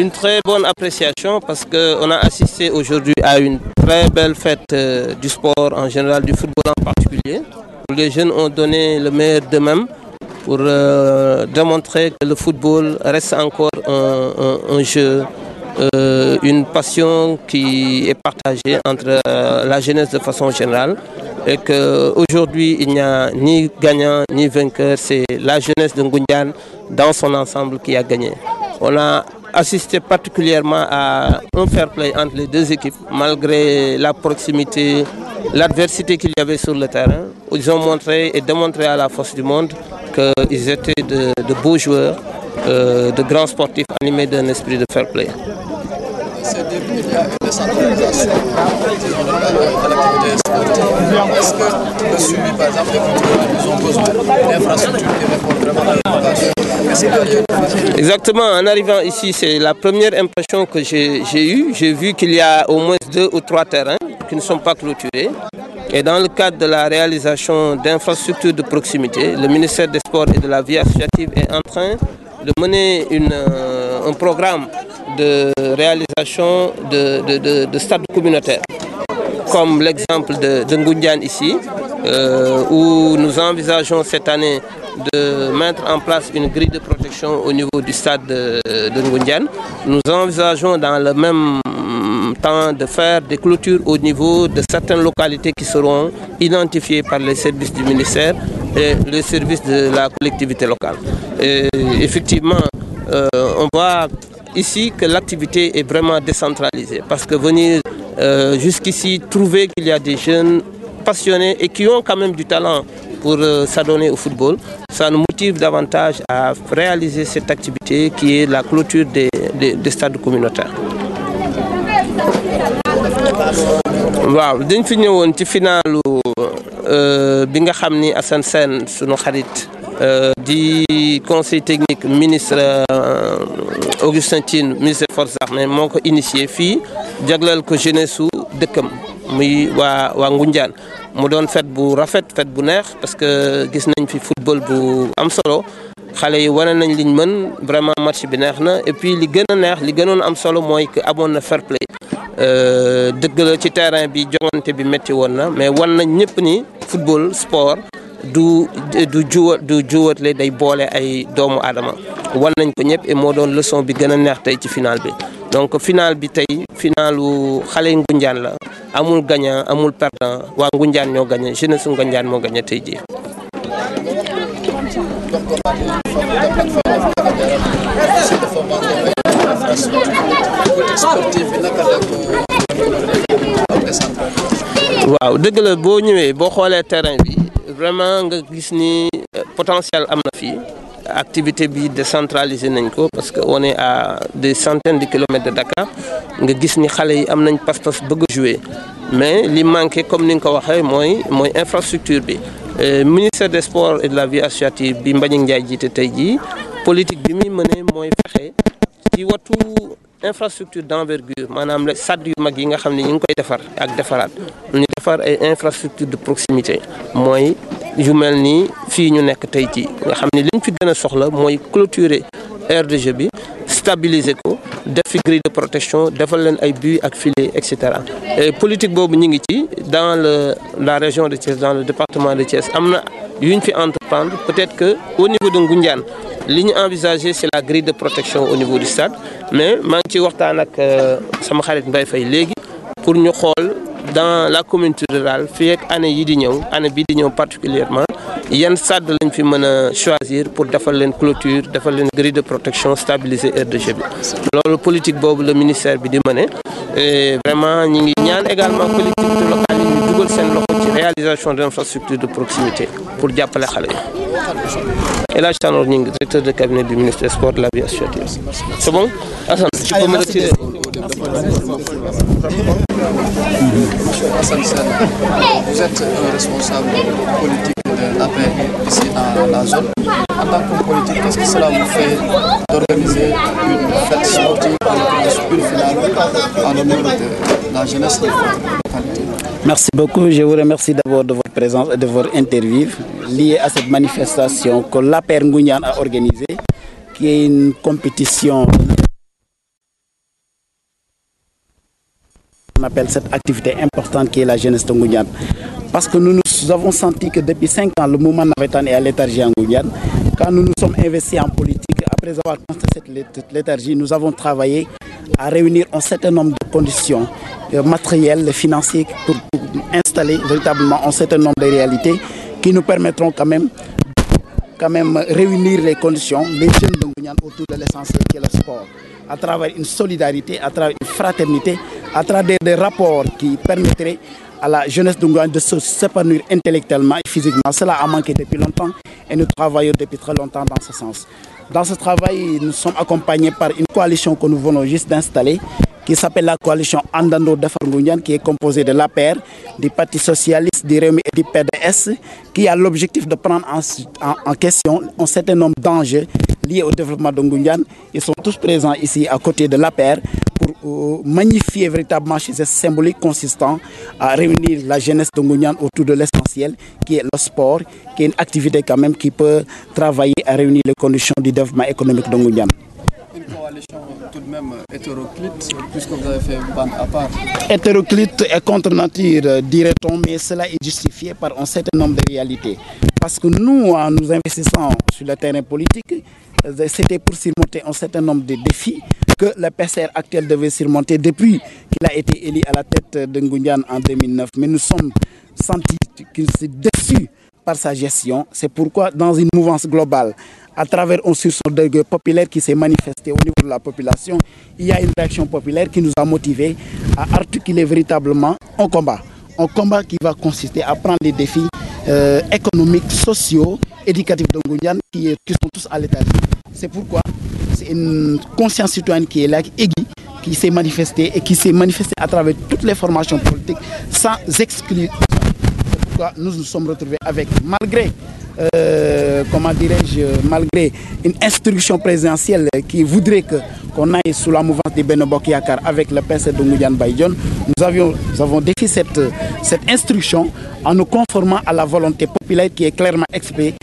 Une très bonne appréciation parce qu'on a assisté aujourd'hui à une très belle fête euh, du sport en général, du football en particulier. Les jeunes ont donné le meilleur d'eux-mêmes pour euh, démontrer que le football reste encore un, jeu, euh, une passion qui est partagée entre la jeunesse de façon générale et qu'aujourd'hui il n'y a ni gagnant ni vainqueur, c'est la jeunesse de Ngundian dans son ensemble qui a gagné. On a assisté particulièrement à un fair play entre les deux équipes, malgré la proximité, l'adversité qu'il y avait sur le terrain. Ils ont montré et démontré à la force du monde qu'ils étaient de, beaux joueurs, euh, de grands sportifs animés d'un esprit de fair play. est-ce que besoin d'infrastructures vraiment Exactement, en arrivant ici, c'est la première impression que j'ai eue. J'ai vu qu'il y a au moins deux ou trois terrains qui ne sont pas clôturés. Et dans le cadre de la réalisation d'infrastructures de proximité, le ministère des Sports et de la Vie associative est en train de mener euh, un programme de réalisation de, stades communautaires, comme l'exemple de, de Ngundian ici, euh, où nous envisageons cette année de mettre en place une grille de protection au niveau du stade de, de Nous envisageons dans le même temps de faire des clôtures au niveau de certaines localités qui seront identifiées par les services du ministère et le service de la collectivité locale. effectivement, euh, on voit ici que l'activité est vraiment décentralisée parce que venir euh, jusqu'ici, trouver qu'il y a des jeunes passionnés et qui ont quand même du talent pour euh, s'adonner au football. Ça nous motive davantage à réaliser cette activité qui est la clôture des, des, stades communautaires. waaw dañ fi ñëwoon ci finalu euh, bi nga xam ni Assane sur sunu xarit euh, di conseil technique ministre Augustin Tine ministre des forces armées moo ko initié ko jeunesse su muy waa waa Ngunjaan mu doon fet bu rafet fet bu neex parce que gis nañ fi football bu am solo xale yi wane nañ liñ mën vraiment match bi neex na et puis li gën a neex li gënoon am solo mooy que amoon na fair play euh, dëgg ci terrain bi jongante bi métti woon na mais wan nañ ñëpp ni football sport du du juwa du juwatle day boole ay doomu aadama wan nañ ko ñëpp et moo doon leçon bi gën a neex tey ci final bi donc final bi tey finalu xale Ngunjaan la amul gagnant amul perdant waa Ngoundiane ñoo gagné jeunesse su Ngoundiane moo gagné tey waaw dëgg la boo ñëwee boo xoolee terrain bi vraiment nga gis ni euh, potentiel am na fii. activité bi décentralisé parce que on est à des centaines de kilomètres de Dakar nga gis ni xalé yi am nañ pas pass bëgg jouer mais li manque, comme ni nga ko infrastructure bi euh, ministère des sports et de la vie associative bi Mbagnick Ndiaye jité tay politique bi très mënee moy fexé ci watu infrastructure d'envergure manam le sàdd yu mag yi nga koy défar ak infrastructure de proximité je mel fi ñu nekk tay ci nga xamni liñ fi gëna soxla clôturer RDG de bi stabiliser ko def grille de protection defal leen ay les ak filets etc. politique de ñu ci dans la région de Thiès dans le département de Thiès nous yuñ fi entreprendre peut-être que au niveau de ce li envisagée c'est la grille de protection au niveau du stade mais je ngi ciy waxtaan ak euh, sama xarit Mbaye Faye pour ñu xol dans la communauté rurale fait ak année yi di ñëw année bii di ñëw particulièrement yan sàdd lañ fi choisir pour faire une clôture faire une grille de protection stabilisée et de jeu bi politique bob le ministère bi di et vraiment ñi ngi ñaan également politique locales yi ñu dugal seen ci réalisation d'infrastructures de proximité pour jàppale xale Et El Hadj ordre, directeur de cabinet du ministre des sports de l'Aviation. c'est bon vous êtes un responsable politique de ici à la zone. En tant que politique, qu'est-ce que cela vous fait d'organiser une fête sportive, en une finale en l'honneur de la jeunesse de Merci beaucoup. Je vous remercie d'abord de votre présence et de votre interview liée à cette manifestation que l'APER Ngunyan a organisée, qui est une compétition appelle cette activité importante qui est la jeunesse de Parce que nous, nous avons senti que depuis cinq ans, le mouvement Navetan est à l'étargie en Quand nous nous sommes investis en politique, après avoir constaté cette léthargie, nous avons travaillé à réunir un certain nombre de conditions euh, matérielles, financières, pour, installer véritablement un certain nombre de réalités qui nous permettront quand même quand même réunir les conditions, les jeunes de autour de l'essentiel qui est le sport, à travers une solidarité, à travers une fraternité, à travers des rapports qui permettraient à la jeunesse d'Unguane de se s'épanouir intellectuellement et physiquement. Cela a manqué depuis longtemps et nous travaillons depuis très longtemps dans ce sens. Dans ce travail, nous sommes accompagnés par une coalition que nous venons juste d'installer qui s'appelle la coalition Andando de Defargounian, qui est composée de l'APR, du Parti Socialiste, du Rémi et du PDS, qui a l'objectif de prendre en, question un certain nombre d'enjeux liés au développement d'Ongounian. Ils sont tous présents ici à côté de l'APR pour euh, magnifier véritablement ces ce symbolique consistant à réunir la jeunesse de autour de l'essentiel qui est le sport, qui est une activité quand même qui peut travailler à réunir les conditions du développement économique de champs tout de même hétéroclite, puisque vous avez fait une bande à part Hétéroclite et contre nature, dirait-on, mais cela est justifié par un certain nombre de réalités. Parce que nous, en nous investissant sur le terrain politique, c'était pour surmonter un certain nombre de défis que le PCR actuel devait surmonter depuis qu'il a été élu à la tête de Ngundian en 2009. Mais nous sommes sentis qu'il s'est déçu par sa gestion. C'est pourquoi, dans une mouvance globale, à travers un sursaut d'orgueil populaire qui s'est manifesté au niveau de la population, il y a une réaction populaire qui nous a motivés à articuler véritablement un combat. Un combat qui va consister à prendre les défis euh, économiques, sociaux, éducatifs de qui, qui, sont tous à l'état. C'est pourquoi c'est une conscience citoyenne qui est là, aiguë, qui s'est manifestée et qui s'est manifestée à travers toutes les formations politiques sans exclure. C'est pourquoi nous nous sommes retrouvés avec, malgré euh, comment dirais-je, malgré une instruction présidentielle qui voudrait que qu'on aille sous la mouvance de Benobok avec le PC de moudian nous, nous avons défi cette, cette instruction en nous conformant à la volonté populaire qui est clairement exprimée,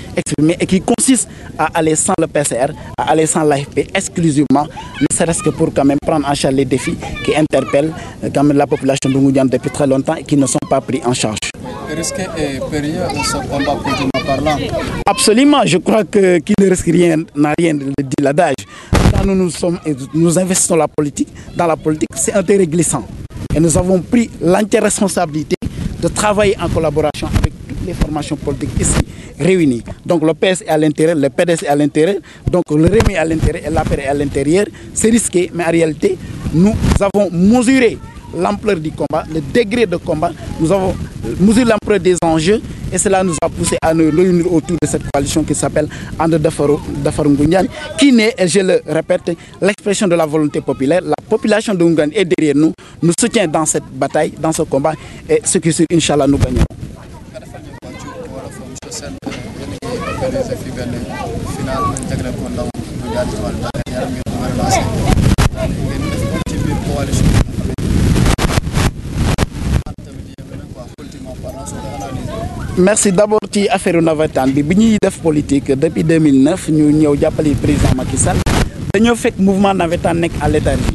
et qui consiste à aller sans le PCR, à aller sans l'AFP exclusivement, ne serait-ce que pour quand même prendre en charge les défis qui interpellent euh, quand même la population de moudian depuis très longtemps et qui ne sont pas pris en charge. périlleux combat Absolument, je crois que qui ne risque rien n'a rien de l'adage. Quand nous, nous, sommes, nous investissons la politique, dans la politique, c'est un glissant. Et nous avons pris l'entière responsabilité de travailler en collaboration avec toutes les formations politiques ici réunies. Donc le PS est à l'intérieur, le PDS est à l'intérieur, donc le REMI est à l'intérieur et l'APR est à l'intérieur. C'est risqué, mais en réalité, nous avons mesuré l'ampleur du combat, le degré de combat, nous avons mesuré l'ampleur des enjeux et cela nous a poussé à nous réunir autour de cette coalition qui s'appelle Ande Dafaro Ngunyan, qui n'est, je le répète, l'expression de la volonté populaire. La population de Ngunyan est derrière nous, nous soutient dans cette bataille, dans ce combat, et ce qui suit, Inch'Allah, nous gagnons. merci d'abord abord ci affaire navétane bi bi def politique depuis 2009 ñu ñëw jàppale président Macky Sall dañoo fekk mouvement navétane nekk à l'état-major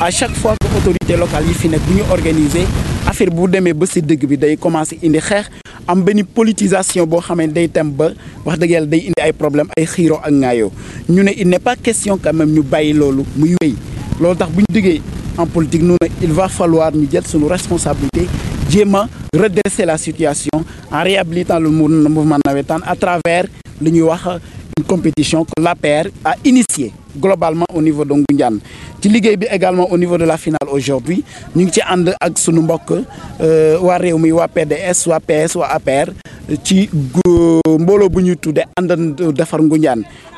à chaque fois que autorité locale yi fi nekk bu organiser affaire bu demee ba si dëgg bi day commencé indi xeex am benn politisation boo xam ne day tem ba wax dëgg yàlla day indi ay problème ay xiiroo ak ŋaayoo ñu ne il n'est pas question quand même ñu bàyyi loolu muy wéy loolu tax bu ñu en politique nous il va falloir nous jël suñu responsabilité responsabilités redresser la situation en réhabilitant le mouvement navétane à travers le wax une compétition que l'APR a initiée globalement au niveau de Ngoundiane ci bi également au niveau de la finale aujourd'hui ñu sommes ci ànd ak suñu mbokk euh, waa réew mi waa PDS soit PS soit APR ci mbooloo bu ñuy tuddee defar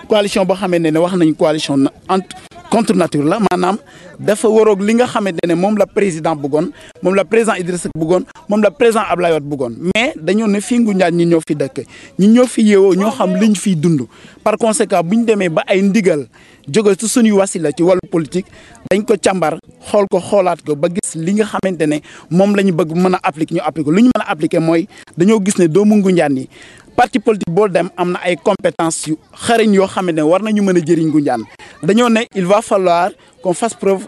coalition boo xamee ne coalition entre contre nature la maanaam dafa waroog li nga xamante ne moom la président bëggoon moom la président Idrissa bëggoon moom la président Abdoulaye Wade bëggoon mais dañoo ne fii Ngoundiane ñi ñoo fi dëkk ñi ñoo fi yeewoo ñoo xam ñu fiy dund par conséquent bu ñu demee ba ay ndigal jóge su suñuy wasila ci wàllu politique dañ ko càmbar xool ko xoolaat ko ba gis li nga xamante ne moom la ñu bëgg mën a appliquer ñu appliquer lu ñu mën a appliquer mooy dañoo gis ne doomu Ngoundiane yi parti politique boo dem am ay compétences yu xarañ yoo xam ne war nañu mën jëriñ Ngoundiane dañu né il va falloir qu'on fasse preuve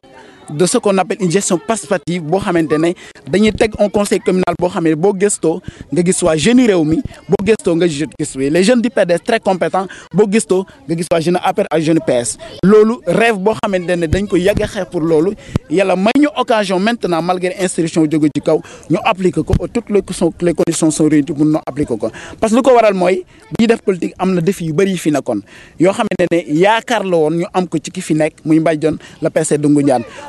de ce qu'on appelle une gestion participative bo xamante ne dañuy teg un conseil communal bo xam bo gesto nga gis waa jeune yi réew gesto boo gëstoo nga gis les jeunes du PDS très compétents bo gesto nga gis waa jeune appel à jeune PS lolu rêve bo xamante ne dañ ko yàgg a pour lolu yalla may ñu occasion maintenant malgré instruction jóge ci kaw ñu appliquer ko toutes les les conditions sont réunies pour ñu appliquer ko parce que ko waral moy bu ñuy def politique amna na défi yu bari fi nekkoon yo xamante ne yaakaar la woon ñu am ko ci ki fi muy mbay la PC Dungu Ndiane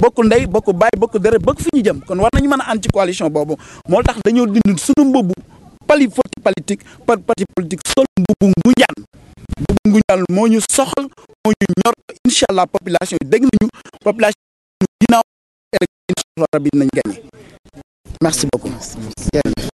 bokk ndey bokk baay bokk deret bokk fi ñu jëm kon war nañu mën a ànd ci boobu moo tax dañoo dindi sunu mbubu pali parti politique par parti politique sol mbubu ngunjaan mbubu ngunjaan moo ñu soxal moo ñu ñor incha allah population yi dégg nañu population yi ginnaaw élection incha allah nañ gagné merci beaucoup.